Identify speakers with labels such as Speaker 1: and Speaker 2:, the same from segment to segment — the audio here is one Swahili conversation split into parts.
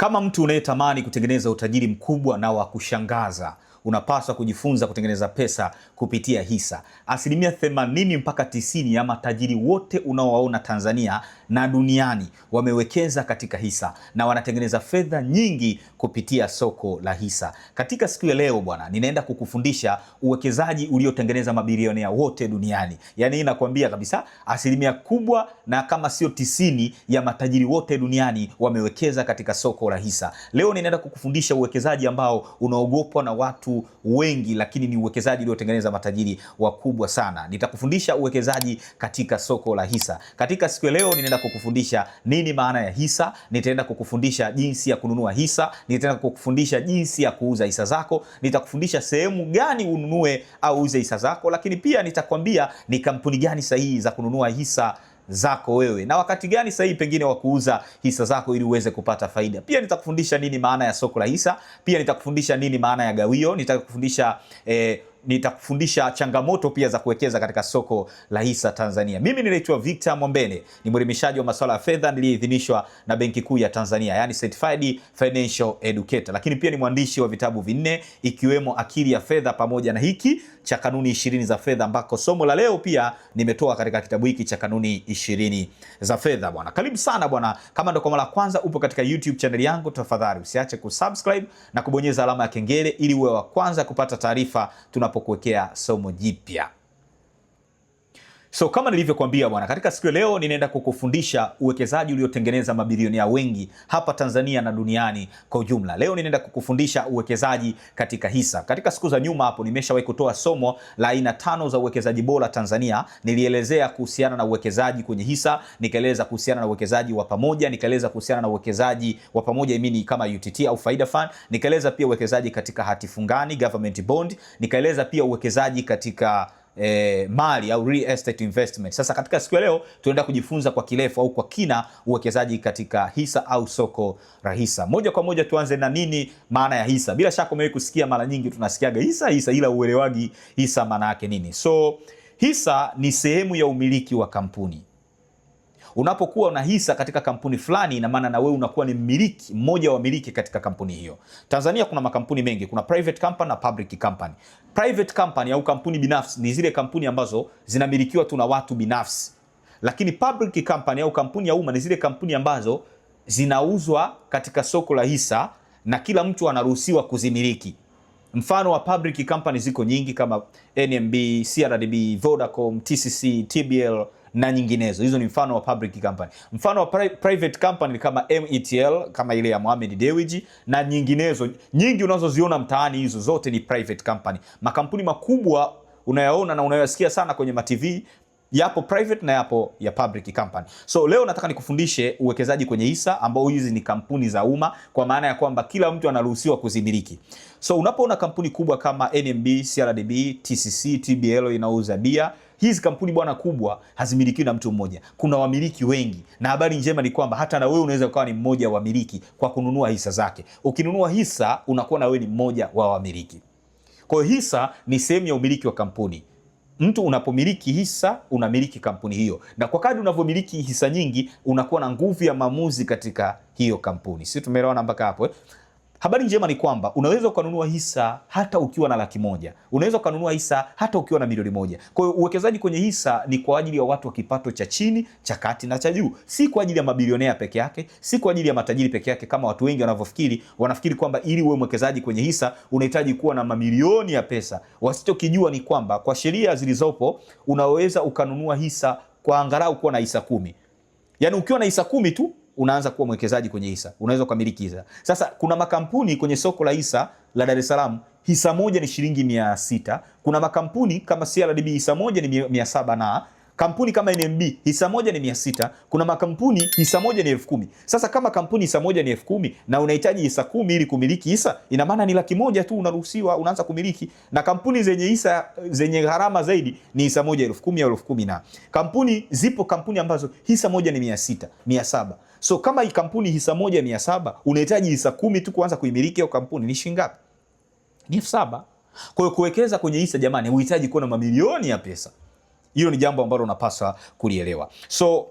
Speaker 1: Kama mtu unayetamani kutengeneza utajiri mkubwa na wa kushangaza, unapaswa kujifunza kutengeneza pesa kupitia hisa. Asilimia 80 mpaka 90 ya matajiri wote unaowaona Tanzania na duniani wamewekeza katika hisa na wanatengeneza fedha nyingi kupitia soko la hisa. Katika siku ya leo bwana, ninaenda kukufundisha uwekezaji uliotengeneza mabilionea wote duniani. Yaani inakwambia kabisa asilimia kubwa na kama sio tisini ya matajiri wote duniani wamewekeza katika soko la hisa. Leo ninaenda kukufundisha uwekezaji ambao unaogopwa na watu wengi, lakini ni uwekezaji uliotengeneza matajiri wakubwa sana. Nitakufundisha uwekezaji katika soko la hisa. Katika siku ya leo ninaenda kukufundisha nini maana ya hisa, nitaenda kukufundisha jinsi ya kununua hisa, nitaenda kukufundisha jinsi ya kuuza hisa zako, nitakufundisha sehemu gani ununue au uze hisa zako, lakini pia nitakwambia ni kampuni gani sahihi za kununua hisa zako wewe na wakati gani sahihi pengine wa kuuza hisa zako ili uweze kupata faida. Pia nitakufundisha nini maana ya soko la hisa, pia nitakufundisha nini maana ya gawio, nitakufundisha eh, nitakufundisha changamoto pia za kuwekeza katika soko la hisa Tanzania. Mimi ninaitwa Victor Mwambene, ni mwelimishaji wa masuala ya fedha niliyeidhinishwa na Benki Kuu ya Tanzania, yani certified financial educator, lakini pia ni mwandishi wa vitabu vinne ikiwemo Akili ya Fedha pamoja na hiki cha Kanuni ishirini za Fedha, ambako somo la leo pia nimetoa katika kitabu hiki cha Kanuni ishirini za Fedha. Bwana, karibu sana bwana. Kama ndo kwa mara ya kwanza upo katika YouTube channel yangu, tafadhali usiache kusubscribe na kubonyeza alama ya kengele ili uwe wa kwanza kupata taarifa tuna tunapokuwekea somo jipya. So kama nilivyokuambia bwana, katika siku ya leo ninaenda kukufundisha uwekezaji uliotengeneza mabilionea wengi hapa Tanzania na duniani kwa ujumla. Leo ninaenda kukufundisha uwekezaji katika hisa. Katika siku za nyuma hapo nimeshawahi kutoa somo la aina tano za uwekezaji bora Tanzania. Nilielezea kuhusiana na uwekezaji kwenye hisa, nikaeleza kuhusiana na uwekezaji wa pamoja, nikaeleza kuhusiana na uwekezaji wa pamoja imini kama UTT au Faida Fund, nikaeleza pia uwekezaji katika hati fungani government bond, nikaeleza pia uwekezaji katika e, mali au real estate investment. Sasa katika siku ya leo tunaenda kujifunza kwa kirefu au kwa kina uwekezaji katika hisa au soko la hisa. Moja kwa moja tuanze na nini maana ya hisa. Bila shaka umewahi kusikia mara nyingi tunasikiaga hisa hisa, ila uelewagi hisa maana yake nini? So hisa ni sehemu ya umiliki wa kampuni Unapokuwa una hisa katika kampuni fulani, ina maana na wewe unakuwa ni mmiliki mmoja wa miliki katika kampuni hiyo. Tanzania kuna makampuni mengi, kuna private company na public company. Private company au kampuni binafsi ni zile kampuni ambazo zinamilikiwa tu na watu binafsi, lakini public company au kampuni ya umma ni zile kampuni ambazo zinauzwa katika soko la hisa na kila mtu anaruhusiwa kuzimiliki. Mfano wa public company ziko nyingi kama NMB, CRDB, Vodacom, TCC, TBL na nyinginezo. Hizo ni mfano wa public company. Mfano wa pri private company kama METL kama ile ya Mohamed Dewji na nyinginezo nyingi unazoziona mtaani, hizo zote ni private company. Makampuni makubwa unayaona na unayoyasikia sana kwenye mativi yapo private na yapo ya public company. So leo nataka nikufundishe uwekezaji kwenye hisa ambao hizi ni kampuni za umma, kwa maana ya kwamba kila mtu anaruhusiwa kuzimiliki. So unapoona kampuni kubwa kama NMB, CRDB, TCC, TBL inauza bia hizi kampuni bwana kubwa hazimilikiwi na mtu mmoja, kuna wamiliki wengi, na habari njema ni kwamba hata na wewe unaweza ukawa ni mmoja wa wamiliki kwa kununua hisa zake. Ukinunua hisa, unakuwa na wewe ni mmoja wa wamiliki. Kwa hiyo hisa ni sehemu ya umiliki wa kampuni. Mtu unapomiliki hisa unamiliki kampuni hiyo, na kwa kadri unavyomiliki hisa nyingi, unakuwa na nguvu ya maamuzi katika hiyo kampuni. Sisi tumeelewana mpaka hapo eh? Habari njema ni kwamba unaweza ukanunua hisa hata ukiwa na laki moja, unaweza ukanunua hisa hata ukiwa na milioni moja. Kwa hiyo uwekezaji kwenye hisa ni kwa ajili ya watu wa kipato cha chini, cha kati na cha juu, si kwa ajili ya mabilionea peke yake, si kwa ajili ya matajiri peke yake kama watu wengi wanavyofikiri. Wanafikiri kwamba ili uwe mwekezaji kwenye hisa unahitaji kuwa na mamilioni ya pesa. Wasichokijua ni kwamba kwa sheria zilizopo unaweza ukanunua hisa kwa angalau kuwa na hisa kumi, yaani ukiwa na hisa kumi tu unaanza kuwa mwekezaji kwenye hisa, unaweza ukamiliki hisa. Sasa kuna makampuni kwenye soko la hisa la Dar es Salaam hisa moja ni shilingi mia sita. Kuna makampuni kama CRDB hisa moja ni mia saba na Kampuni kama NMB hisa moja ni mia sita. Kuna makampuni hisa moja ni elfu kumi. Sasa kama kampuni hisa moja ni elfu kumi na unahitaji hisa kumi ili kumiliki hisa, ina maana ni laki moja tu unaruhusiwa, unaanza kumiliki. Na kampuni zenye hisa zenye gharama zaidi ni hisa moja elfu kumi au elfu kumi na kampuni zipo kampuni ambazo hisa moja ni mia sita, mia saba. So kama hii kampuni hisa moja mia saba unahitaji hisa kumi tu kuanza kuimiliki hiyo kampuni, ni shilingi ngapi? Ni elfu saba. Kwa hiyo kuwekeza kwenye hisa, jamani, uhitaji kuwa na mamilioni ya pesa. Hilo ni jambo ambalo unapaswa kulielewa. So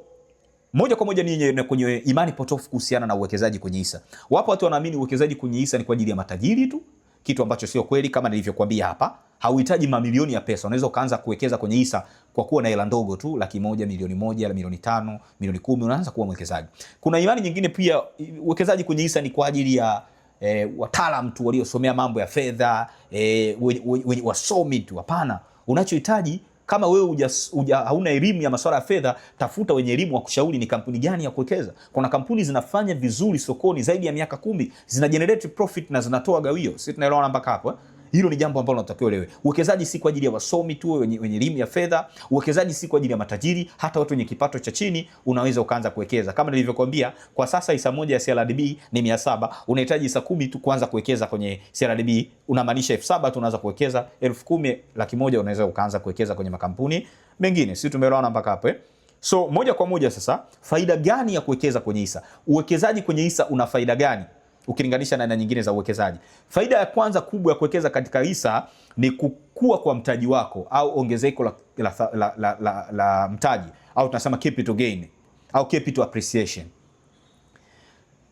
Speaker 1: moja kwa moja ni kwenye imani potofu kuhusiana na uwekezaji kwenye hisa. Wapo watu wanaamini uwekezaji kwenye hisa ni kwa ajili ya matajiri tu, kitu ambacho sio kweli. Kama nilivyokuambia hapa, hauhitaji mamilioni ya pesa. Unaweza ukaanza kuwekeza kwenye hisa kwa kuwa na hela ndogo tu, laki moja, milioni moja, milioni tano, milioni kumi, unaanza kuwa mwekezaji. Kuna imani nyingine pia, uwekezaji kwenye hisa ni kwa ajili ya E, eh, wataalam tu waliosomea mambo ya fedha e, wasomi tu. Hapana, unachohitaji kama wewe hauna elimu ya masuala ya fedha, tafuta wenye elimu wa kushauri ni kampuni gani ya kuwekeza. Kuna kampuni zinafanya vizuri sokoni zaidi ya miaka kumi, zina generate profit na zinatoa gawio. si tunaelewana mpaka hapo eh? Hilo ni jambo ambalo natakiwa uelewe. Uwekezaji si kwa ajili ya wasomi tu wenye elimu ya fedha, uwekezaji si kwa ajili ya matajiri. Hata watu wenye kipato cha chini unaweza ukaanza kuwekeza. Kama nilivyokuambia, kwa sasa hisa moja ya CRDB ni 700, Unahitaji hisa kumi tu kuanza kuwekeza kwenye CRDB, unamaanisha 7000 tu unaweza kuwekeza, elfu laki moja unaweza ukaanza kuwekeza kwenye makampuni mengine. Sisi tumeelewana mpaka hapo eh? So moja kwa moja sasa, faida gani ya kuwekeza kwenye hisa? Uwekezaji kwenye hisa una faida gani? ukilinganisha na aina nyingine za uwekezaji. Faida ya kwanza kubwa ya kuwekeza katika hisa ni kukua kwa mtaji wako au ongezeko la, la, la, la, la, la mtaji au tunasema capital gain au capital appreciation.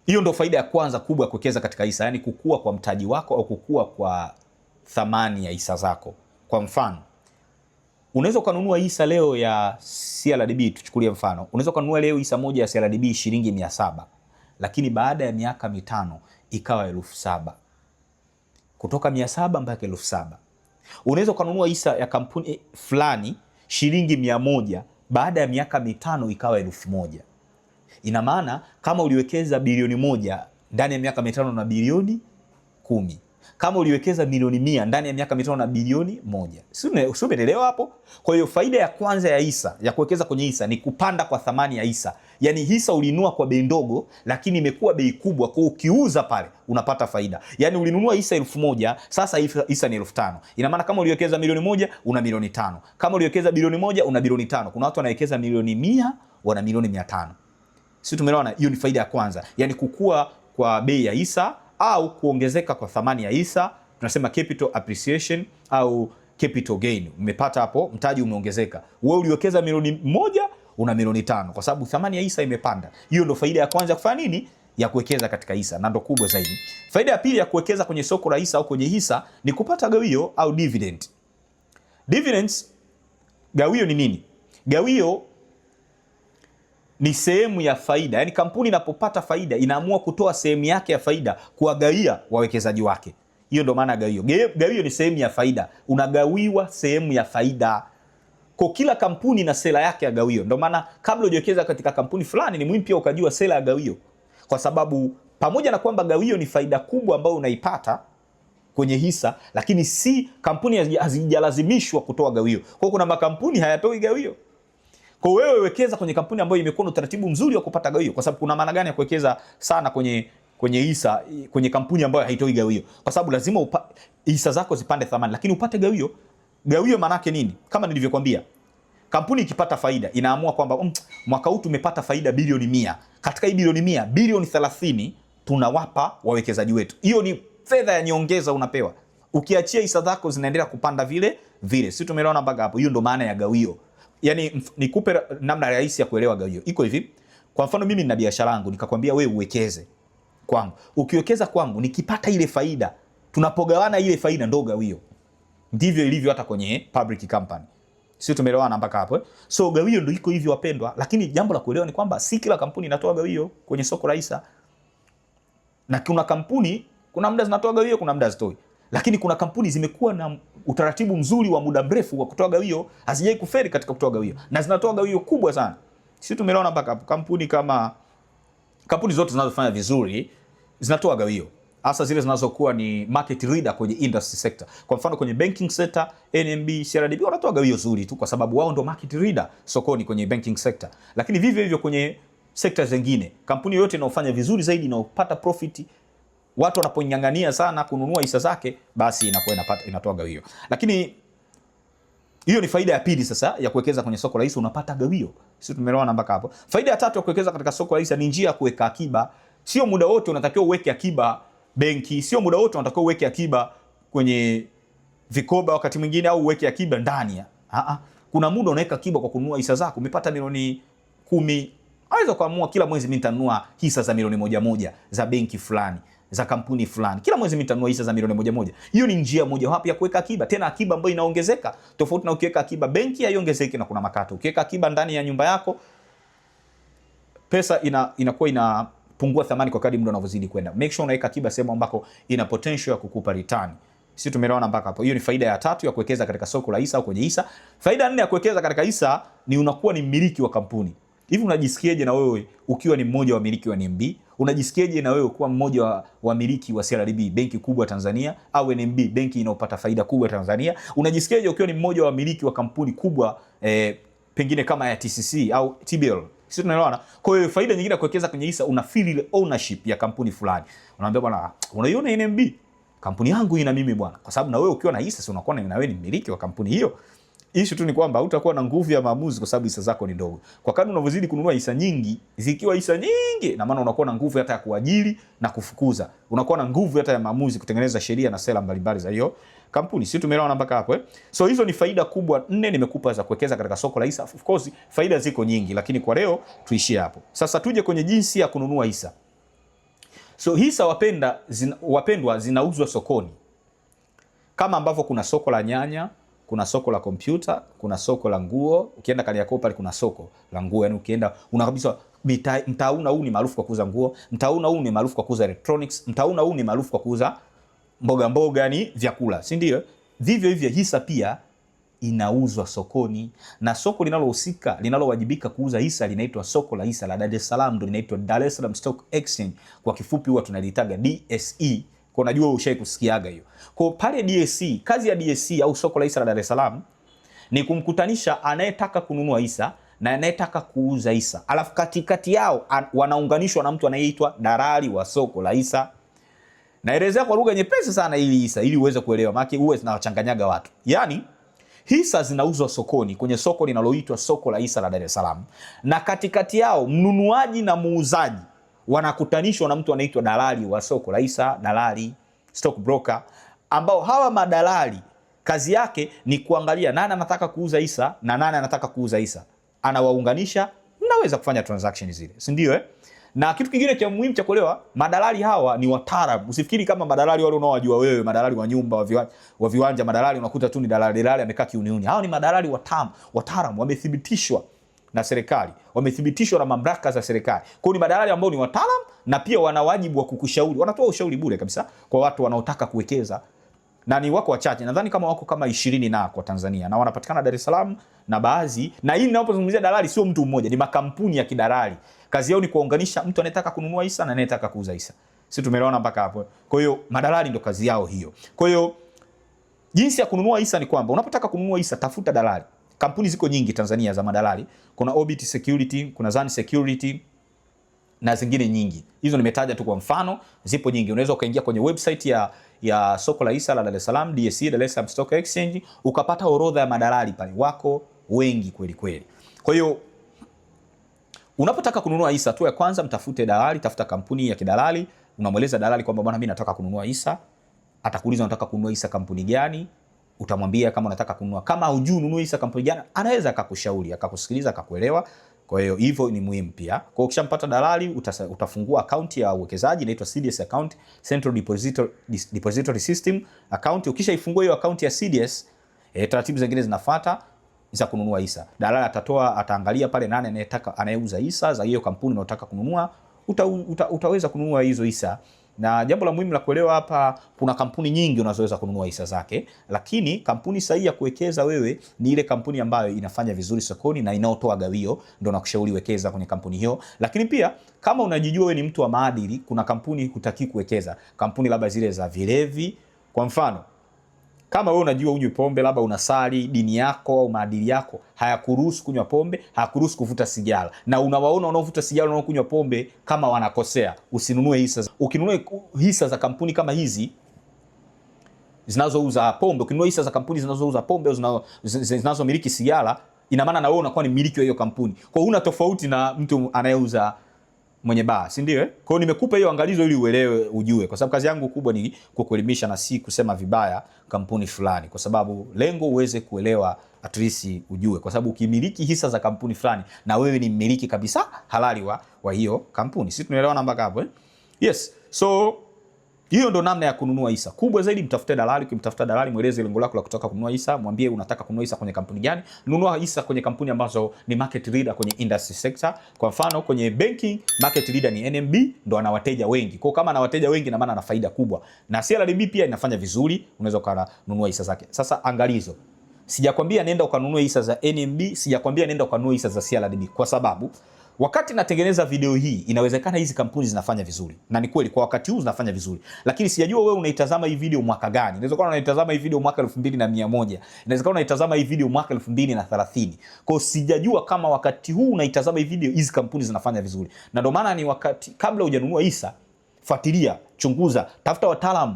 Speaker 1: Hiyo ndo faida ya kwanza kubwa ya kuwekeza katika hisa, yani kukua kwa mtaji wako au kukua kwa thamani ya hisa zako. Kwa mfano, unaweza ukanunua hisa leo ya CRDB, tuchukulie mfano, unaweza ukanunua leo hisa moja ya CRDB shilingi mia saba lakini baada ya miaka mitano ikawa elfu saba kutoka mia saba mpaka elfu saba Unaweza ukanunua hisa ya kampuni fulani shilingi mia moja baada ya miaka mitano ikawa elfu moja Ina maana kama uliwekeza bilioni moja ndani ya miaka mitano na bilioni kumi kama uliwekeza milioni mia ndani ya miaka mitano na bilioni moja. Si umeelewa hapo? Kwa hiyo faida ya kwanza ya hisa ya kuwekeza kwenye hisa ni kupanda kwa thamani ya hisa, yaani hisa ulinunua kwa bei ndogo, lakini imekuwa bei kubwa, kwa ukiuza pale unapata faida. Yaani ulinunua hisa elfu moja sasa hisa ni elfu tano Ina maana kama uliwekeza milioni moja una milioni tano kama uliwekeza bilioni moja una bilioni tano Kuna watu wanawekeza milioni mia wana milioni mia tano si tumeelewana? Hiyo ni faida ya kwanza, yaani kukua kwa bei ya hisa au kuongezeka kwa thamani ya hisa, tunasema capital appreciation au capital gain. Umepata hapo, mtaji umeongezeka. Wewe uliwekeza milioni moja una milioni tano kwa sababu thamani ya hisa imepanda. Hiyo ndo faida ya kwanza ya kufanya nini, ya kuwekeza katika hisa, na ndo kubwa zaidi. Faida ya pili ya kuwekeza kwenye soko la hisa au kwenye hisa ni kupata gawio au dividend. Dividends, gawio ni nini? Gawio ni sehemu ya faida, yaani kampuni inapopata faida inaamua kutoa sehemu yake ya faida kuwagawia wawekezaji wake. Hiyo ndo maana gawio. Gawio ni sehemu ya faida, unagawiwa sehemu ya faida. Kwa kila kampuni na sera yake ya gawio. Ndio maana kabla hujawekeza katika kampuni fulani, ni muhimu pia ukajua sera ya gawio, kwa sababu pamoja na kwamba gawio ni faida kubwa ambayo unaipata kwenye hisa, lakini si kampuni hazijalazimishwa kutoa gawio. Kwa kuna makampuni hayatoi gawio. Kwa wewe wekeza kwenye kampuni ambayo imekuwa na utaratibu mzuri wa kupata gawio, kwa sababu kuna maana gani ya kuwekeza sana kwenye kwenye hisa kwenye kampuni ambayo haitoi gawio? Kwa sababu lazima upa, hisa zako zipande thamani, lakini upate gawio. Gawio maana yake nini? Kama nilivyokuambia, kampuni ikipata faida inaamua kwamba um, mwaka huu tumepata faida bilioni mia, katika hii bilioni mia, bilioni 30 tunawapa wawekezaji wetu. Hiyo ni fedha ya nyongeza unapewa, ukiachia hisa zako zinaendelea kupanda vile vile. Sisi tumeona mpaka hapo, hiyo ndo maana ya gawio yani nikupe namna rahisi ya kuelewa gawio. Iko hivi, kwa mfano mimi nina biashara yangu nikakwambia wewe uwekeze kwangu, ukiwekeza kwangu nikipata ile faida, tunapogawana ile faida ndo gawio. Ndivyo ilivyo hata kwenye public company, sio? Tumeelewana mpaka hapo eh? So gawio ndo iko hivyo wapendwa, lakini jambo la kuelewa ni kwamba si kila kampuni inatoa gawio kwenye soko la hisa, na kuna kampuni kuna muda zinatoa gawio, kuna muda zitoi lakini kuna kampuni zimekuwa na utaratibu mzuri wa muda mrefu wa kutoa gawio, hazijai kuferi katika kutoa gawio na zinatoa gawio kubwa sana. Sisi tumeona mpaka kampuni kama kampuni zote zinazofanya vizuri zinatoa gawio, hasa zile zinazokuwa ni market leader kwenye industry sector. Kwa mfano kwenye banking sector, NMB, CRDB wanatoa gawio zuri tu kwa sababu wao ndo market leader sokoni kwenye banking sector. Lakini vivyo hivyo kwenye sekta zingine, kampuni yoyote inayofanya vizuri zaidi inayopata profit watu wanaponyang'ania sana kununua hisa zake, basi inakuwa inapata inatoa gawio. Lakini hiyo ni faida ya pili sasa ya kuwekeza kwenye soko la hisa, unapata gawio. Sisi tumeelewana mpaka hapo. Faida ya tatu ya kuwekeza katika soko la hisa ni njia ya kuweka akiba. Sio muda wote unatakiwa uweke akiba benki, sio muda wote unatakiwa uweke akiba kwenye vikoba, wakati mwingine au uweke akiba ndani. Aa, kuna muda unaweka akiba kwa kununua hisa zako. Umepata milioni kumi, aweza kuamua kila mwezi mimi nitanunua hisa za milioni moja moja za benki fulani za kampuni fulani. Kila mwezi mimi nitanunua hisa za milioni moja moja. Hiyo ni njia moja wapo ya kuweka akiba, tena akiba ambayo inaongezeka, tofauti na ukiweka akiba benki haiongezeki na kuna makato. Ukiweka akiba ndani ya nyumba yako pesa ina inakuwa inapungua thamani kwa kadri muda unavyozidi kwenda. Make sure unaweka akiba sehemu ambako ina potential ya kukupa return. Sisi tumeona mpaka hapo. Hiyo ni faida ya tatu ya kuwekeza katika soko la hisa au kwenye hisa. Faida nne ya kuwekeza katika hisa ni unakuwa ni mmiliki wa kampuni. Hivi unajisikiaje na wewe ukiwa ni mmoja wa wamiliki wa NMB? Unajisikiaje na wewe kuwa mmoja wa wamiliki wa CRDB, benki kubwa Tanzania, au NMB, benki inayopata faida kubwa Tanzania? Unajisikiaje ukiwa ni mmoja wa wamiliki wa kampuni kubwa eh, pengine kama ya TCC au TBL? Sisi tunaelewana. Kwa hiyo faida nyingine ya kuwekeza kwenye hisa, una feel ile ownership ya kampuni fulani, unaambia bwana, unaiona NMB kampuni yangu ina mimi bwana, kwa sababu na wewe ukiwa na hisa, si unakuwa na wewe ni mmiliki wa kampuni hiyo. Ishu tu ni kwamba hutakuwa na nguvu ya maamuzi kwa sababu hisa zako ni ndogo. Kwa kadri unavyozidi kununua hisa nyingi, zikiwa hisa nyingi, na maana unakuwa na nguvu hata ya kuajiri na kufukuza. Unakuwa na nguvu hata ya maamuzi kutengeneza sheria na sera mbalimbali za hiyo kampuni. Sisi tumeelewana mpaka hapo eh? So hizo ni faida kubwa nne nimekupa za kuwekeza katika soko la hisa. Of course, faida ziko nyingi lakini kwa leo tuishie hapo. Sasa tuje kwenye jinsi ya kununua hisa. So hisa wapenda, zina, wapendwa zinauzwa sokoni. Kama ambavyo kuna soko la nyanya, kuna soko la kompyuta, kuna soko la nguo. Ukienda Kariakoo pale kuna soko la nguo, yani ukienda una kabisa mtaa huu ni maarufu kwa kuuza nguo, mtauna huu ni maarufu kwa kuuza electronics, mtauna huu ni maarufu kwa kuuza mboga mboga, ni yaani vyakula, si ndio? Vivyo hivyo hisa pia inauzwa sokoni, na soko linalohusika linalowajibika kuuza hisa linaitwa soko la hisa la Dar es Salaam, ndio linaitwa Dar es Salaam Stock Exchange, kwa kifupi huwa tunalitaga DSE. Kwa unajua ushai kusikiaga hiyo kwa pale DSC, kazi ya DSC au soko la hisa la Dar es Salaam ni kumkutanisha anayetaka kununua hisa na anayetaka kuuza hisa, alafu katikati yao an, wanaunganishwa na mtu anayeitwa dalali wa soko la hisa. Naelezea kwa lugha nyepesi sana ili hisa ili uweze kuelewa, maana uwe zinawachanganyaga watu. Yaani hisa zinauzwa sokoni kwenye soko linaloitwa soko la hisa la Dar es Salaam, na katikati yao mnunuaji na muuzaji wanakutanishwa na mtu anaitwa dalali wa soko la hisa, dalali stock broker ambao hawa madalali kazi yake ni kuangalia nani anataka kuuza hisa na nani anataka kuuza hisa, anawaunganisha, naweza kufanya transaction zile, si ndio eh? Na kitu kingine cha muhimu cha kuelewa, madalali hawa ni wataalamu. Usifikiri kama madalali wale unaowajua wewe, madalali wa nyumba, wa viwanja, wa viwanja madalali unakuta tu ni dalali dalali amekaa kiuniuni. Hawa ni madalali wataalamu, wataalamu wamethibitishwa na serikali, wamethibitishwa na mamlaka za serikali. Kwa hiyo ni madalali ambao ni wataalamu na pia wana wajibu wa kukushauri, wanatoa ushauri bure kabisa kwa watu wanaotaka kuwekeza na ni wako wachache, nadhani kama wako kama ishirini na kwa Tanzania, na wanapatikana Dar es Salaam na baadhi. Na hii inapozungumzia dalali sio mtu mmoja, ni makampuni ya kidalali. Kazi yao ni kuwaunganisha mtu anayetaka kununua hisa na anayetaka kuuza hisa, si tumeelewana mpaka hapo? Kwa hiyo madalali kazi yao hiyo. Kwa hiyo jinsi ya kununua hisa ni kwamba unapotaka kununua hisa, tafuta dalali. Kampuni ziko nyingi Tanzania za madalali, kuna Orbit Security, kuna Zan Security na zingine nyingi. Hizo nimetaja tu kwa mfano, zipo nyingi. Unaweza ukaingia kwenye website ya ya soko la hisa la Dar es Salaam, DSE, Dar es Salaam Stock Exchange, ukapata orodha ya madalali pale, wako wengi kweli kweli. Kwa hiyo unapotaka kununua hisa tu, ya kwanza mtafute dalali, tafuta kampuni ya kidalali, unamweleza dalali kwamba bwana, mimi nataka kununua hisa. Atakuuliza unataka kununua hisa kampuni gani? Utamwambia kama unataka kununua. Kama hujui ununua hisa kampuni gani, anaweza akakushauri, akakusikiliza, akakuelewa. Kwa hiyo hivyo ni muhimu pia. Kwa hiyo ukishampata dalali utasa, utafungua akaunti ya uwekezaji inaitwa CDS account, Central Depository, Depository System account. Ukishaifungua hiyo akaunti ya CDS eh, taratibu zingine zinafuata za kununua hisa. Dalali atatoa ataangalia pale nani anayetaka anayeuza hisa za hiyo kampuni unayotaka kununua uta, uta, utaweza kununua hizo hisa na jambo la muhimu la kuelewa hapa, kuna kampuni nyingi unazoweza kununua hisa zake, lakini kampuni sahihi ya kuwekeza wewe ni ile kampuni ambayo inafanya vizuri sokoni na inaotoa gawio, ndio nakushauri wekeza kwenye kampuni hiyo. Lakini pia kama unajijua wewe ni mtu wa maadili, kuna kampuni hutaki kuwekeza, kampuni labda zile za vilevi, kwa mfano kama wewe unajua unywi pombe, labda unasali, dini yako au maadili yako hayakuruhusu kunywa pombe, hayakuruhusu kuvuta sigara, na unawaona wanaovuta sigara, wanaokunywa pombe kama wanakosea, usinunue hisa. Ukinunua hisa za kampuni kama hizi zinazouza pombe, ukinunua hisa za kampuni zinazouza pombe au zinazomiliki sigara, ina maana na wewe unakuwa ni mmiliki wa hiyo kampuni. Kwa hiyo una tofauti na mtu anayeuza mwenye baa, si ndio? Eh? nimekupa hiyo angalizo ili uelewe, ujue, kwa sababu kazi yangu kubwa ni kukuelimisha na si kusema vibaya kampuni fulani, kwa sababu lengo uweze kuelewa, atrisi ujue, kwa sababu ukimiliki hisa za kampuni fulani na wewe ni mmiliki kabisa halali wa, wa hiyo kampuni. si tunaelewana mpaka hapo eh? Yes, so hiyo ndo namna ya kununua hisa. Kubwa zaidi, mtafute dalali. Ukimtafuta dalali, mweleze lengo lako la kutaka kununua hisa, mwambie unataka kununua hisa kwenye kampuni gani. Nunua hisa kwenye kampuni ambazo ni market leader kwenye industry sector. Kwa mfano, kwenye banking market leader ni NMB, ndo ana wateja wengi. Kwa kama ana wateja wengi, na maana ana faida kubwa, na CRDB pia inafanya vizuri, unaweza ukanunua hisa zake. Sasa angalizo, sijakwambia nenda ukanunue hisa za NMB, sijakwambia nenda ukanunue hisa za CRDB kwa sababu Wakati natengeneza video hii, inawezekana hizi kampuni zinafanya vizuri, na ni kweli kwa wakati huu zinafanya vizuri, lakini sijajua wewe unaitazama hii video mwaka gani. kuwa unaitazama hii video mwaka elfu mbili na mia moja inawezekana unaitazama hii video mwaka elfu mbili na thelathini Kwa hiyo sijajua kama wakati huu unaitazama hii video hizi kampuni zinafanya vizuri, na ndio maana ni wakati, kabla hujanunua hisa, fuatilia chunguza, tafuta wataalamu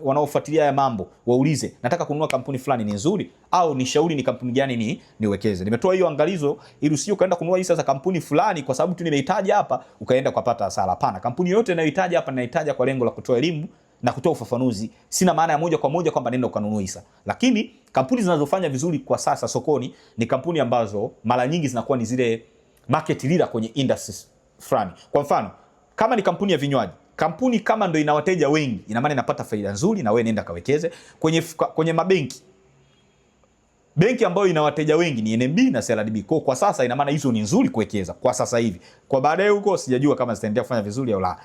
Speaker 1: wanaofuatilia haya mambo, waulize, nataka kununua kampuni fulani, ni nzuri au ni shauri ni kampuni gani ni niwekeze. Nimetoa hiyo angalizo ili usije ukaenda kununua hii sasa kampuni fulani kwa sababu tu nimehitaji hapa ukaenda kupata hasara. Hapana, kampuni yote ninayoitaja hapa ninahitaji kwa lengo la kutoa elimu na kutoa ufafanuzi. Sina maana ya moja kwa moja kwamba nenda ukanunua hisa, lakini kampuni zinazofanya vizuri kwa sasa sokoni ni kampuni ambazo mara nyingi zinakuwa ni zile market leader kwenye industries fulani. Kwa mfano, kama ni kampuni ya vinywaji Kampuni kama ndo ina wateja wengi, ina maana inapata faida nzuri, na wewe nenda kawekeze kwenye, kwenye mabenki. Benki ambayo ina wateja wengi ni NMB na CRDB. Kwa kwa sasa ina maana hizo ni nzuri kuwekeza kwa sasa hivi. Kwa baadaye huko sijajua kama zitaendelea kufanya vizuri au la.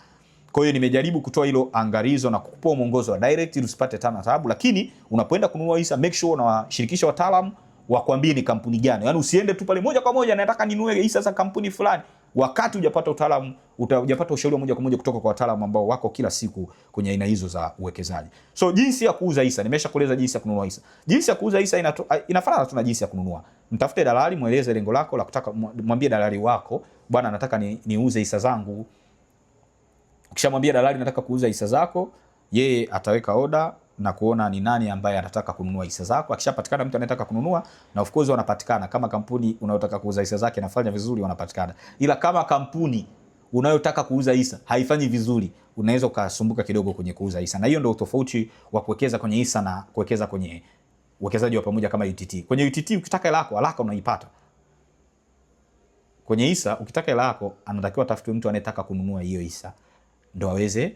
Speaker 1: Kwa hiyo nimejaribu kutoa hilo angalizo na kukupa mwongozo wa direct ili usipate tana taabu, lakini unapoenda kununua hisa make sure unawashirikisha wataalamu wakwambie ni kampuni gani. Yaani usiende tu pale moja kwa moja nataka ninunue hisa za kampuni fulani wakati hujapata utaalamu hujapata ushauri wa moja kwa moja kutoka kwa wataalamu ambao wako kila siku kwenye aina hizo za uwekezaji. So jinsi ya kuuza hisa nimeshakueleza, jinsi ya kununua hisa. Jinsi ya kuuza hisa inafanana tu na jinsi ya kununua. Mtafute dalali, mweleze lengo lako la kutaka, mwambie dalali wako, bwana, nataka niuze ni hisa zangu. Ukishamwambia dalali nataka kuuza hisa zako, yeye ataweka oda na kuona ni nani ambaye anataka kununua hisa zako. Akishapatikana mtu anayetaka kununua, na of course wanapatikana. Kama kampuni unayotaka kuuza hisa zake inafanya vizuri, wanapatikana. Ila kama kampuni unayotaka kuuza hisa haifanyi vizuri, unaweza ukasumbuka kidogo kwenye kuuza hisa, na hiyo ndio utofauti wa kuwekeza kwenye hisa na kuwekeza kwenye uwekezaji wa pamoja kama UTT. Kwenye UTT ukitaka hela yako haraka unaipata. Kwenye hisa ukitaka hela yako, anatakiwa tafute mtu anayetaka kununua hiyo hisa ndo aweze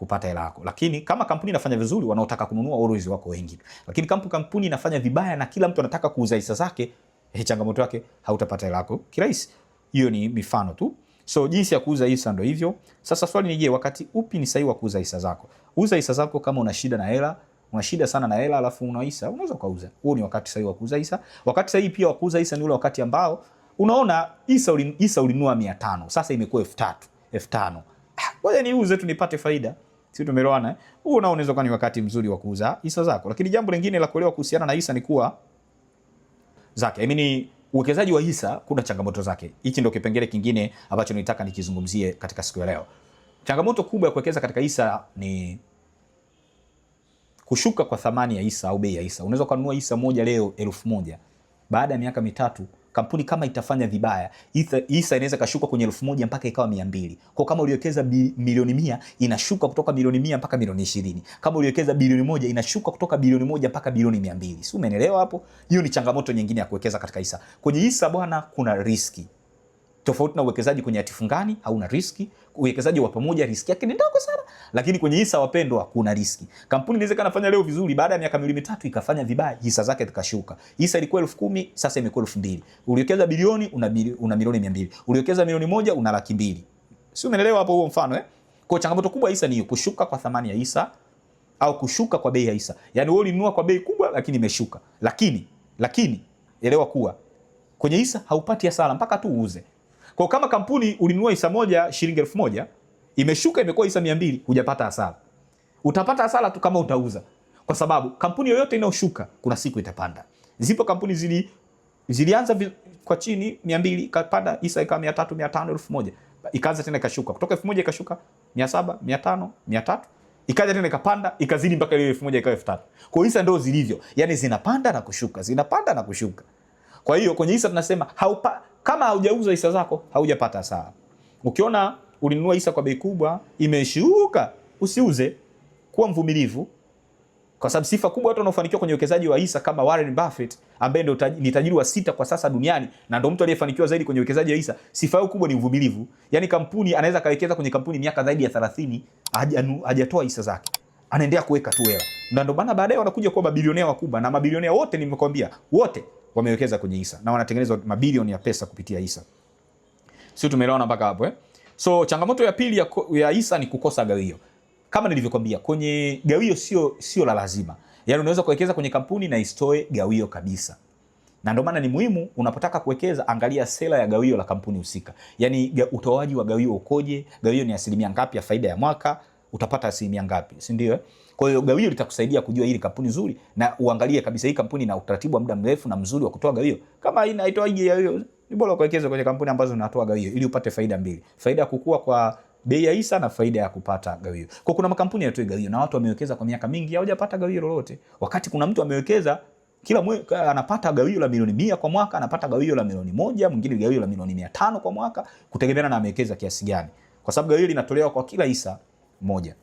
Speaker 1: kupata hela yako. Lakini kama kampuni inafanya vizuri, wanaotaka kununua always wako wengi, lakini kama kampuni inafanya vibaya na kila mtu anataka kuuza hisa zake, eh, changamoto yake hautapata hela yako kirahisi. Hiyo ni mifano tu. So jinsi ya kuuza hisa ndio hivyo. Sasa swali ni je, wakati upi ni sahihi wa kuuza hisa zako? Uza hisa zako kama una shida na hela, una shida sana na hela alafu una hisa, unaweza kuuza. Huo ni wakati sahihi wa kuuza hisa. Wakati sahihi pia wa kuuza hisa ni ule wakati ambao unaona hisa ulinua 500, sasa imekuwa 3000, 5000. Ah, ngoja niuze tu nipate faida si tumeelewana? Huo nao unaweza kuwa ni wakati mzuri wa kuuza hisa zako. Lakini jambo lingine la kuelewa kuhusiana na hisa ni kuwa zake I mean, uwekezaji wa hisa kuna changamoto zake. Hichi ndio kipengele kingine ambacho nitaka nikizungumzie katika siku ya leo. Changamoto kubwa ya kuwekeza katika hisa ni kushuka kwa thamani ya hisa au bei ya hisa. Unaweza kununua hisa moja leo elfu moja baada ya miaka mitatu kampuni kama itafanya vibaya, hisa inaweza ikashuka kwenye elfu moja mpaka ikawa mia mbili. Kwa kama uliwekeza milioni mia inashuka kutoka milioni mia mpaka milioni ishirini. Kama uliwekeza bilioni moja inashuka kutoka bilioni moja mpaka bilioni mia mbili. Si umeelewa hapo? Hiyo ni changamoto nyingine ya kuwekeza katika hisa. Kwenye hisa bwana, kuna riski tofauti na uwekezaji kwenye hatifungani, hauna riski. Uwekezaji wa pamoja riski yake ni ndogo sana, lakini kwenye hisa, wapendwa, kuna riski. Kampuni inaweza kanafanya leo vizuri, baada ya miaka miwili mitatu ikafanya vibaya, hisa zake zikashuka. Hisa ilikuwa elfu kumi sasa imekuwa elfu mbili Uliwekeza bilioni una, una milioni mia mbili Uliwekeza milioni moja una laki mbili si umeelewa hapo huo mfano eh? Kwa changamoto kubwa hisa ni hiyo, kushuka kwa thamani ya hisa au kushuka kwa bei ya hisa. Yaani wewe ulinunua kwa bei kubwa lakini imeshuka. Lakini lakini elewa kuwa kwenye hisa haupati hasara mpaka tu uuze. Kwa kama kampuni ulinunua hisa moja shilingi elfu moja imeshuka imekuwa hisa mia mbili hujapata hasara. Utapata hasara tu kama utauza, kwa sababu kampuni yoyote inayoshuka kuna siku itapanda. Zipo kampuni zili zilianza kwa chini mia mbili ikapanda hisa ikawa mia tatu mia tano elfu moja ikaanza tena ikashuka, kutoka elfu moja ikashuka mia saba mia tano mia tatu ikaja tena ikapanda ikazidi mpaka ile elfu moja ikawa elfu tatu Kwa hisa ndo zilivyo, yani zinapanda na kushuka, zinapanda na kushuka. Kwa hiyo kwenye hisa tunasema haupa kama haujauza hisa zako haujapata hasara. Ukiona ulinunua hisa kwa bei kubwa, imeshuka, usiuze. Kuwa mvumilivu, kwa sababu sifa kubwa watu wanaofanikiwa kwenye uwekezaji wa hisa kama Warren Buffett ambaye ndio ni tajiri wa sita kwa sasa duniani na ndio mtu aliyefanikiwa zaidi kwenye uwekezaji wa hisa, sifa yao kubwa ni uvumilivu. Yani kampuni anaweza kawekeza kwenye kampuni miaka zaidi ya 30 hajatoa hisa zake, anaendelea kuweka tu hela, na ndio maana baadaye wanakuja kuwa mabilionea wakubwa, na mabilionea wote nimekwambia, wote wamewekeza kwenye hisa na wanatengeneza mabilioni ya pesa kupitia hisa. Sio, tumeelewana mpaka hapo eh? So changamoto ya pili ya, ya hisa ni kukosa gawio. Kama nilivyokwambia kwenye gawio sio sio la lazima, yaani unaweza kuwekeza kwenye kampuni na isitoe gawio kabisa, na ndio maana ni muhimu unapotaka kuwekeza, angalia sera ya gawio la kampuni husika, yaani utoaji wa gawio ukoje, gawio ni asilimia ngapi ya faida ya mwaka, utapata asilimia ngapi, si ndio eh? Kwa hiyo gawio litakusaidia kujua hili kampuni nzuri, na uangalie kabisa hii kampuni na utaratibu wa muda mrefu na mzuri wa kutoa gawio. Kama haina haitoi gawio, ni bora kuwekeza kwenye kampuni ambazo zinatoa gawio ili upate faida mbili, faida ya kukua kwa bei ya hisa na faida ya kupata gawio. Kwa kuna makampuni yanatoa gawio na watu wamewekeza kwa miaka mingi hawajapata gawio lolote, wakati kuna mtu amewekeza kila mwaka anapata gawio la milioni mia kwa mwaka, anapata gawio la milioni moja, mwingine gawio la milioni mia tano kwa mwaka, kutegemeana na amewekeza kiasi gani, kwa sababu gawio linatolewa kwa kila hisa moja.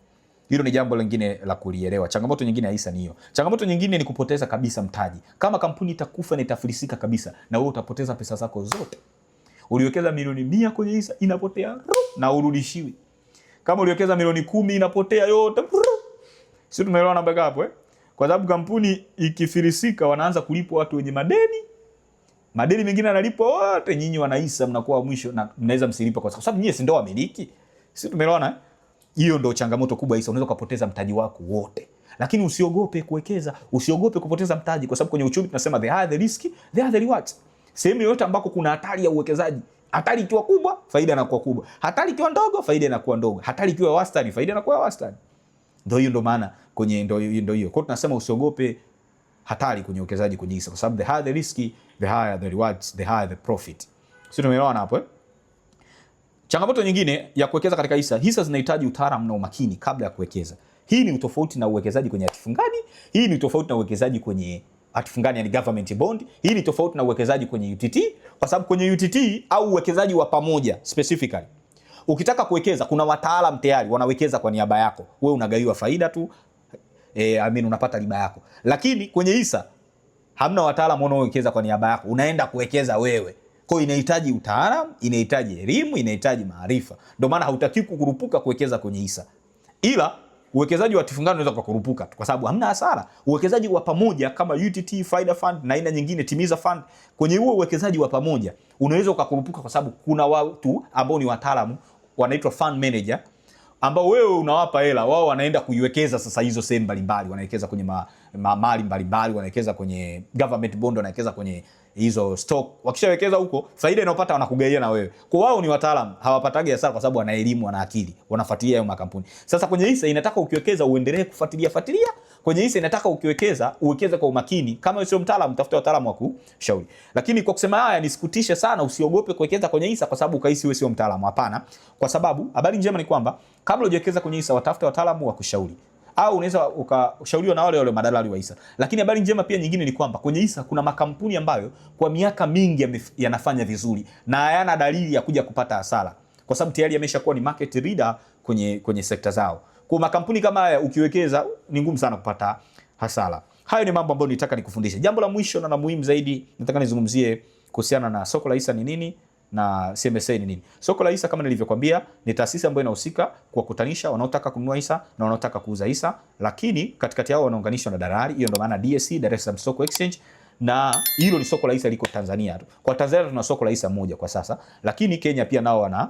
Speaker 1: Hilo ni jambo lingine la kulielewa. Changamoto nyingine ya ni hiyo. Changamoto nyingine ni kupoteza kabisa mtaji. Kama kampuni itakufa na itafilisika kabisa, na wewe utapoteza pesa zako zote. Uliwekeza milioni mia kwenye hisa, inapotea na urudishiwi. Kama uliwekeza milioni kumi, inapotea yote. Sio, tumeelewa namba hapo eh? Kwa sababu kampuni ikifilisika, wanaanza kulipwa watu wenye madeni madeni mengine analipwa wote, nyinyi wanahisa mnakuwa mwisho na mnaweza msilipa, kwa sababu nyinyi si ndio wamiliki. Sisi tumeelewana eh? hiyo ndo changamoto kubwa hisa, unaweza kupoteza mtaji wako wote, lakini usiogope kuwekeza, usiogope kupoteza mtaji, kwa sababu kwenye uchumi tunasema the higher the risk, the higher the reward. Sehemu yoyote ambako kuna hatari ya uwekezaji, hatari ikiwa kubwa, faida inakuwa kubwa, hatari ikiwa ndogo, faida inakuwa ndogo, hatari ikiwa wastani, faida inakuwa wastani. Ndio hiyo, ndo maana kwenye, ndio hiyo, ndio hiyo. Kwa tunasema usiogope hatari kwenye uwekezaji kwenye hisa, kwa sababu the higher the risk, the higher the rewards, the higher the profit. Sio, tumeelewana hapo eh? Changamoto nyingine ya kuwekeza katika hisa, hisa zinahitaji utaalamu na umakini kabla ya kuwekeza. Hii ni tofauti na uwekezaji kwenye hatifungani. Hii ni tofauti na uwekezaji kwenye hatifungani, yani government bond. Hii ni tofauti na uwekezaji kwenye UTT, kwa sababu kwenye UTT au uwekezaji wa pamoja specifically, ukitaka kuwekeza kuna wataalamu tayari wanawekeza kwa niaba yako, wewe unagaiwa faida tu e, I mean, unapata riba yako. Lakini kwenye hisa hamna wataalamu wanaowekeza kwa niaba yako, unaenda kuwekeza wewe. Kwa hiyo inahitaji utaalamu, inahitaji elimu, inahitaji maarifa. Ndio maana hautaki kukurupuka kuwekeza kwenye hisa, ila uwekezaji wa tifungano unaweza kukurupuka kwa sababu hamna hasara. Uwekezaji wa pamoja kama UTT Faida Fund na aina nyingine Timiza Fund, kwenye huo uwekezaji wa pamoja unaweza ukakurupuka kwa sababu kuna watu ambao ni wataalamu wanaitwa fund manager ambao wewe unawapa hela, wao wanaenda kuiwekeza sasa hizo sehemu mbalimbali, wanawekeza kwenye ma, ma, mali mbalimbali, wanawekeza kwenye government bond, wanawekeza kwenye hizo stock. Wakishawekeza huko, faida inayopata wanakugaia na wewe. Kwa wao ni wataalamu, hawapatagi hasara kwa sababu wana elimu, wana akili, wanafuatilia hayo makampuni. Sasa kwenye hisa inataka ukiwekeza uendelee kufuatilia fuatilia. Kwenye hisa inataka ukiwekeza uwekeze kwa umakini. Kama sio mtaalamu, tafuta wataalamu wa kushauri. Lakini kwa kusema haya nisikutishe sana, usiogope kuwekeza kwenye hisa kwa sababu ukahisi wewe sio mtaalamu. Hapana, kwa sababu habari njema ni kwamba kabla hujawekeza kwenye hisa, watafuta wataalamu wa kushauri au unaweza ukashauriwa na wale wale madalali wa hisa. Lakini habari njema pia nyingine ni kwamba kwenye hisa kuna makampuni ambayo kwa miaka mingi yanafanya vizuri na hayana dalili ya kuja kupata hasara, kwa sababu tayari yameshakuwa ni market leader kwenye, kwenye sekta zao. Kwa makampuni kama haya ukiwekeza ni ngumu sana kupata hasara. Hayo ni mambo ambayo nitaka nikufundishe. Jambo la mwisho na la muhimu zaidi nataka nizungumzie kuhusiana na soko la hisa ni nini na CMSA ni nini? Soko la hisa kama nilivyokuambia, ni taasisi ambayo inahusika kuwakutanisha wanaotaka kununua hisa na wanaotaka kuuza hisa, lakini katikati yao wanaunganishwa na dalali. Hiyo ndio maana DSE, Dar es Salaam Stock Exchange, na hilo ni soko la hisa liko Tanzania tu. Kwa Tanzania tuna soko la hisa moja kwa sasa, lakini Kenya pia nao wana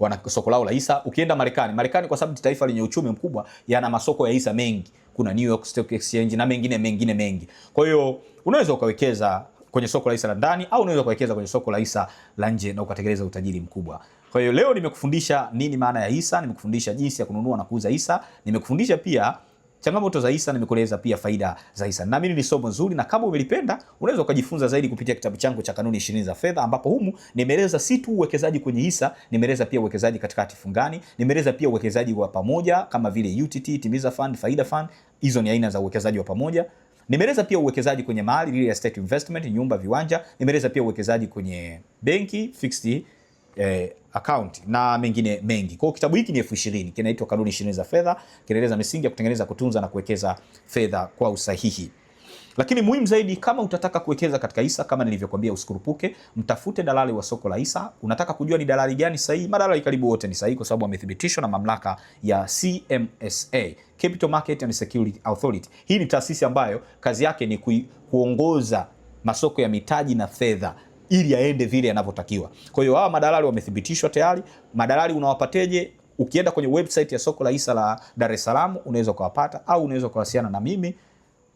Speaker 1: wana soko lao la hisa. Ukienda Marekani, Marekani kwa sababu taifa lenye uchumi mkubwa, yana masoko ya hisa mengi. Kuna New York Stock Exchange na mengine mengine mengi. Kwa hiyo unaweza ukawekeza kwenye soko la hisa la ndani au unaweza kuwekeza kwenye soko la hisa la nje na ukatekeleza utajiri mkubwa. Kwa hiyo leo nimekufundisha nini maana ya hisa, nimekufundisha jinsi ya kununua na kuuza hisa, nimekufundisha pia changamoto za hisa, nimekueleza pia faida za hisa. Naamini ni somo nzuri, na kama umelipenda unaweza ukajifunza zaidi kupitia kitabu changu cha Kanuni Ishirini za Fedha, ambapo humu nimeeleza si tu uwekezaji kwenye hisa, nimeeleza pia uwekezaji katika hati fungani, nimeeleza pia uwekezaji wa pamoja kama vile UTT, Timiza Fund, Faida Fund. Hizo ni aina za uwekezaji wa pamoja. Nimeeleza pia uwekezaji kwenye mali, real estate investment, nyumba, viwanja. Nimeeleza pia uwekezaji kwenye benki, fixed eh, account na mengine mengi. Kwa kitabu hiki ni elfu ishirini kinaitwa Kanuni ishirini za Fedha, kinaeleza misingi ya kutengeneza, kutunza na kuwekeza fedha kwa usahihi. Lakini muhimu zaidi, kama utataka kuwekeza katika hisa, kama nilivyokuambia, usikurupuke, mtafute dalali wa soko la hisa. Unataka kujua ni dalali gani sahihi? Madalali karibu wote ni sahihi, kwa sababu wamethibitishwa na mamlaka ya CMSA, Capital Market and Security Authority. Hii ni taasisi ambayo kazi yake ni kuongoza masoko ya mitaji na fedha ili yaende vile yanavyotakiwa. Kwa hiyo hawa madalali wamethibitishwa tayari. Madalali unawapateje? Ukienda kwenye website ya soko la hisa la Dar es Salaam unaweza ukawapata, au unaweza ukawasiliana na mimi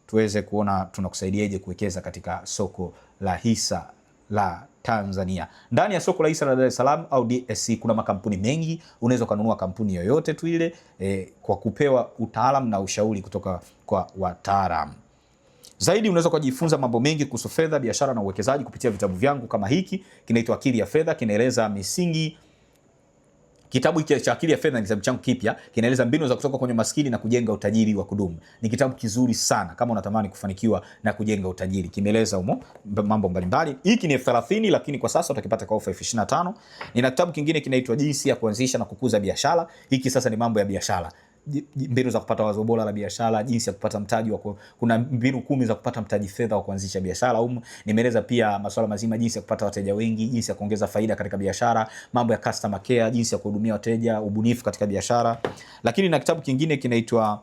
Speaker 1: tuweze kuona tunakusaidiaje kuwekeza katika soko la hisa la Tanzania. Ndani ya soko la hisa la Dar es Salaam au DSE kuna makampuni mengi, unaweza ukanunua kampuni yoyote tu ile e, kwa kupewa utaalamu na ushauri kutoka kwa wataalam Zaidi unaweza kujifunza mambo mengi kuhusu fedha, biashara na uwekezaji kupitia vitabu vyangu kama hiki, kinaitwa Akili ya Fedha, kinaeleza misingi Kitabu hiki cha Akili ya Fedha ni kitabu changu kipya, kinaeleza mbinu za kutoka kwenye maskini na kujenga utajiri wa kudumu. Ni kitabu kizuri sana kama unatamani kufanikiwa na kujenga utajiri. Kimeeleza humo mambo mbalimbali. Hiki ni elfu thelathini lakini kwa sasa utakipata kwa ofa elfu ishirini na tano. Nina kitabu kingine kinaitwa Jinsi ya Kuanzisha na Kukuza Biashara. Hiki sasa ni mambo ya biashara mbinu za kupata wazo bora la biashara, jinsi ya kupata mtaji wa kuna mbinu kumi za kupata mtaji fedha wa kuanzisha biashara. Um, nimeeleza pia masuala mazima, jinsi ya kupata wateja wengi, jinsi ya kuongeza faida katika biashara, mambo ya customer care, jinsi ya kuhudumia wateja, ubunifu katika biashara. Lakini na kitabu kingine kinaitwa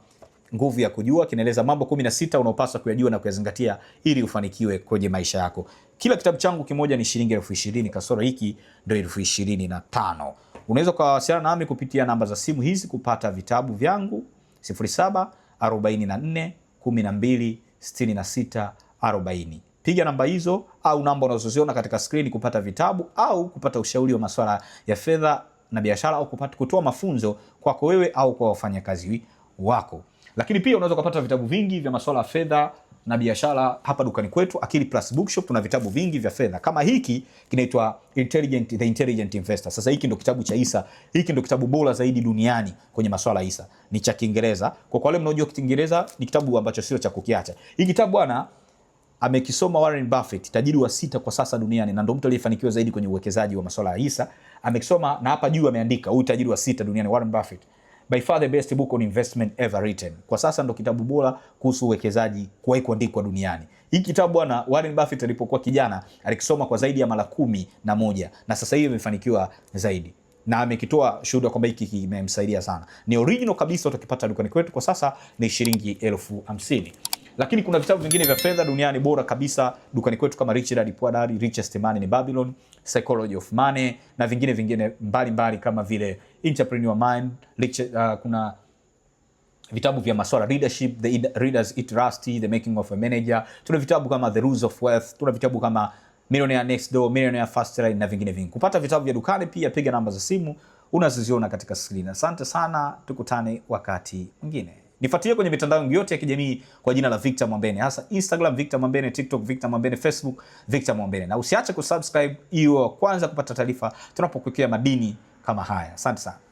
Speaker 1: Nguvu ya Kujua, kinaeleza mambo kumi na sita unaopaswa kuyajua na kuyazingatia ili ufanikiwe kwenye maisha yako. Kila kitabu changu kimoja ni shilingi elfu ishirini kasoro hiki ndio elfu ishirini na tano. Unaweza ukawasiliana nami kupitia namba za simu hizi kupata vitabu vyangu 07 12 66 40. Piga namba hizo au namba unazoziona katika skrini kupata vitabu au kupata ushauri wa masuala ya fedha na biashara au kupata kutoa mafunzo kwako wewe au kwa wafanyakazi wako. Lakini pia unaweza kupata vitabu vingi vya masuala ya fedha na biashara hapa dukani kwetu Akili Plus Bookshop. Tuna vitabu vingi vya fedha kama hiki kinaitwa Intelligent, The Intelligent Investor. Sasa hiki ndo kitabu cha hisa, hiki ndo kitabu bora zaidi duniani kwenye masuala ya hisa, ni cha Kiingereza. Kwa wale mnaojua Kiingereza, ni kitabu ambacho sio cha kukiacha. Hiki kitabu bwana amekisoma Warren Buffett, tajiri wa sita kwa sasa duniani na ndo mtu aliyefanikiwa zaidi kwenye uwekezaji wa masuala ya hisa. Amekisoma na hapa juu ameandika, huyu tajiri wa sita duniani Warren Buffett by far the best book on investment ever written. Kwa sasa ndo kitabu bora kuhusu uwekezaji kuwahi kuandikwa duniani. hii kitabu bwana, Warren Buffett alipokuwa kijana alikisoma kwa zaidi ya mara kumi na moja na sasa hivi amefanikiwa zaidi na amekitoa shuhuda kwamba hiki kimemsaidia sana. Ni original kabisa, utakipata dukani kwetu kwa sasa ni shilingi elfu hamsini. Lakini kuna vitabu vingine vya fedha duniani bora kabisa dukani kwetu kama Rich Dad Poor Dad, Richest Man in Babylon, Psychology of Money na vingine vingine mbalimbali mbali kama vile Entrepreneur Mind, Rich, uh, kuna vitabu vya masuala leadership, The Readers Eat Rusty, The Making of a Manager. Tuna vitabu kama The Rules of Wealth, tuna vitabu kama Millionaire Next Door, Millionaire Fast Lane na vingine vingi. Kupata vitabu vya dukani pia piga namba za simu unaziziona katika skrini. Asante sana, tukutane wakati mwingine. Nifuatilie kwenye mitandao yote ya kijamii kwa jina la Victor Mwambene, hasa Instagram Victor Mwambene, TikTok Victor Mwambene, Facebook Victor Mwambene, na usiache kusubscribe iwe wa kwanza kupata taarifa tunapokuekea madini kama haya. Asante sana.